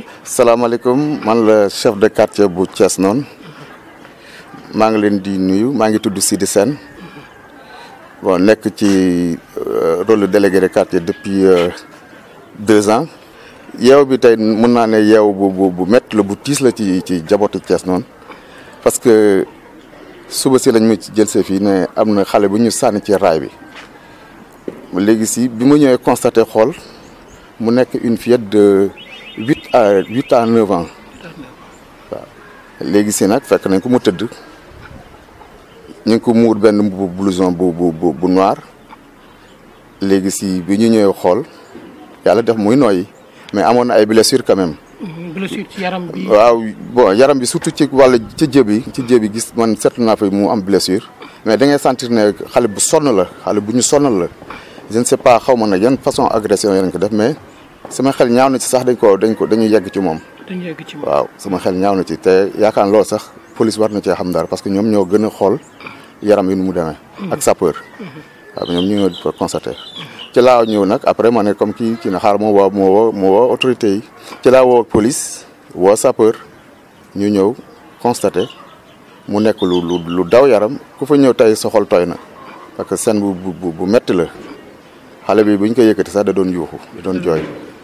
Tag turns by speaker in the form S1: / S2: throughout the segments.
S1: bi. salaamaaleykum man le chef de quartier bu Thiès noonu maa ngi leen di nuyu maa ngi tudd Sidi Sène bon nekk ci euh, rôle de délégué de quartier depuis euh, deux ans. yeew bi tay mun naa ne yeew bu bu bu métti la bu tiss la ci ci jabootu Thiès noonu parce que suba ci lañ mu ci jël see fi né amna xalé bu ñu sànni ci ray bi léegi si bi ma ñëwee constaté xool mu nekk une fiette de à 8 à 9 ans Légui c'est nak nag fekk nañ ko mu teud ñu ngi ko muur benn blouson bu bu bu noir légui si bi ñu ñëwee xool yàlla def muy noy mais amone ay blessures quand même. Mm-hmm. blessure ci yaram bi. waaw bon yaram bi surtout ci wàllu ci jëbi ci jëbi gis man seetlu na fa mu am blessure mais da ngay sentir ne xale bu sonn la xale bu ñu sonal la je ne sais pas xawma na nag façon agression yi ko def mais. sama xel ñaaw na ci sax dañ ko dañ ko dañuy yegg ci moom. ci waaw sama xel ñaaw na ci te yaakaar lool sax police war na cee xam dara parce que ñoom ñoo gën a xool yaram yi nu mu demee. Mhm. ak sapeur. Mhm. waaw ñoom ñu ci laa ñëw nag après ma ne comme kii kii na xaar moo woo moo woo moo woo autorité yi ci laa woo police woo sapeur ñu ñëw constaté mu nekk lu lu lu daw yaram ku fa ñëw tey soxol tooy na parce que seen bu bu bu métti la xale bi buñ ko yëkkati sax da doon yuuxu da doon jooy.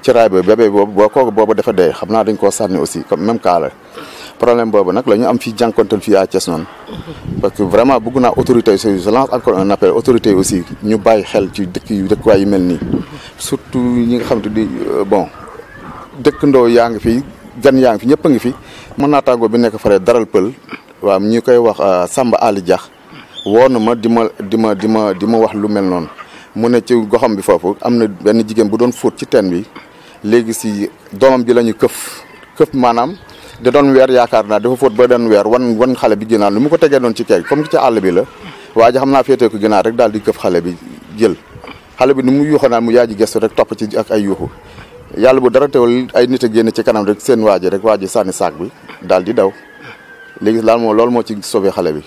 S1: ci raay boobu bébé boobu boo ko boobu dafa dee xam naa dañ koo sànni aussi comme même cas la problème boobu nag la ñu am fii jànkonteel fii à Thiès noonu parce que vraiment bëgg naa autorité yi je lance encore un aussi ñu bàyyi xel ci dëkk yu dëkkuwaay yu mel nii surtout ñi nga xam te euh, bon dëkkandoo yaa ngi fi gan yaa ñëpp a ngi fi mën naa tàggoo bi nekk fare daral pël waaw ñu koy wax euh, Samba Ali Diakh woo na ma di ma di ma di ma wax lu mel noonu mu ne ci goxam bi foofu am na benn jigéen bu doon fóot ci teen bi léegi si doomam ji la ñu këf këf maanaam da doon weer yaakaar naa dafa fóot ba doon weer wan wan xale bi ginnaaw lu mu ko tegee doon ci keeg comme ci àll bi la waa xam naa féetee ko ginnaaw rek daal di këf xale bi jël xale bi nu mu yuuxu naan mu yaa ji gestu rek topp ci ak ay yuuxu yàlla bu dara teewul ay nit a génn ci kanam rek seen waaj rek waa ji sànni saak bi daal di daw léegi laal moo loolu moo ci sauvé xale bi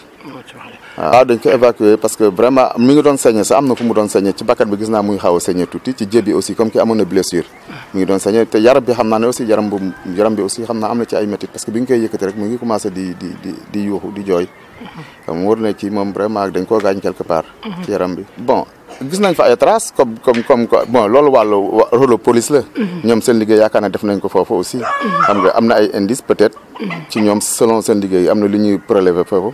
S1: ah dañ ko évacuer parce que vraiment mi ngi doon saigner sa amna fu mu doon saigner ci bakkat bi gis na muy xaw saigner saigné tuuti ci jébi aussi comme ki amone blessure mi ngi doon saigner te yaram bi xamna naa ne aussi yaram bu yaram bi aussi xamna amna ci ay métit parce que bi ngi koy yëkkati rek mi ngi commencé di di di di yuuxu di joy xam wor na ci mom vraiment dañ ko gañ quelque part ci yaram bi bon gis nañ fa ay trace comme comme comme bon lolu walu rôle police la ñom seen liguey yaakaar na def nañ ko fofu aussi xam nga amna ay indice peut être ci ñom selon seen liguey amna li ñuy prélever fofu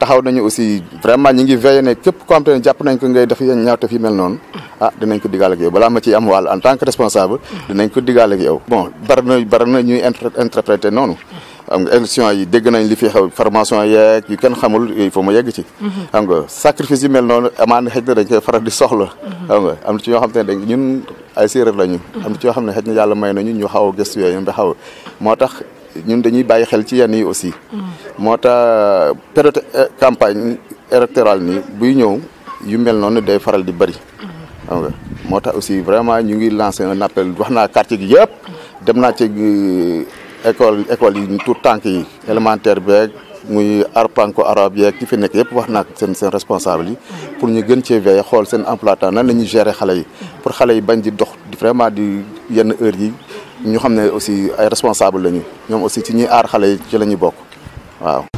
S1: taxaw nañu aussi vraiment ñi ngi veillé ne képp koo xam te ne jàpp nañ ko ngay def yéen ñaaw fi mel noonu ah dinañ ko digaal ak yow balaa ma ciy am wàll en tant que responsable dinañ ko digaal ak yow bon bari ñuy interprété noonu am na ci ñoo xam te ñun ay séeréer lañu am na ci ñoo ne xëj na yàlla may nañu ñu xaw a gëstu yooyu moo tax ñun dañuy bayyi xel ci yenn yi aussi. moo période eh, campagne électorale ni buy ñëw yu mel noonu day faral di bari xam nga moo tax aussi vraiment ñu ngi lancé un appel wax naa quartier gi yëpp dem naa ci eh, école école yi tout tànk yi élémentaire beeg muy arpanko arabe yeeg ki fi nekk yëpp wax naa seen seen responsable yi pour ñu gën cee veiller xool seen emploi temps nan la ñuy gérer xale yi pour xale yi bañ di dox vraiment di yenn heure yi ñu xam ne aussi ay responsable lañu ñoom aussi ci ñuy aar xale ci la ñuy bokk waaw.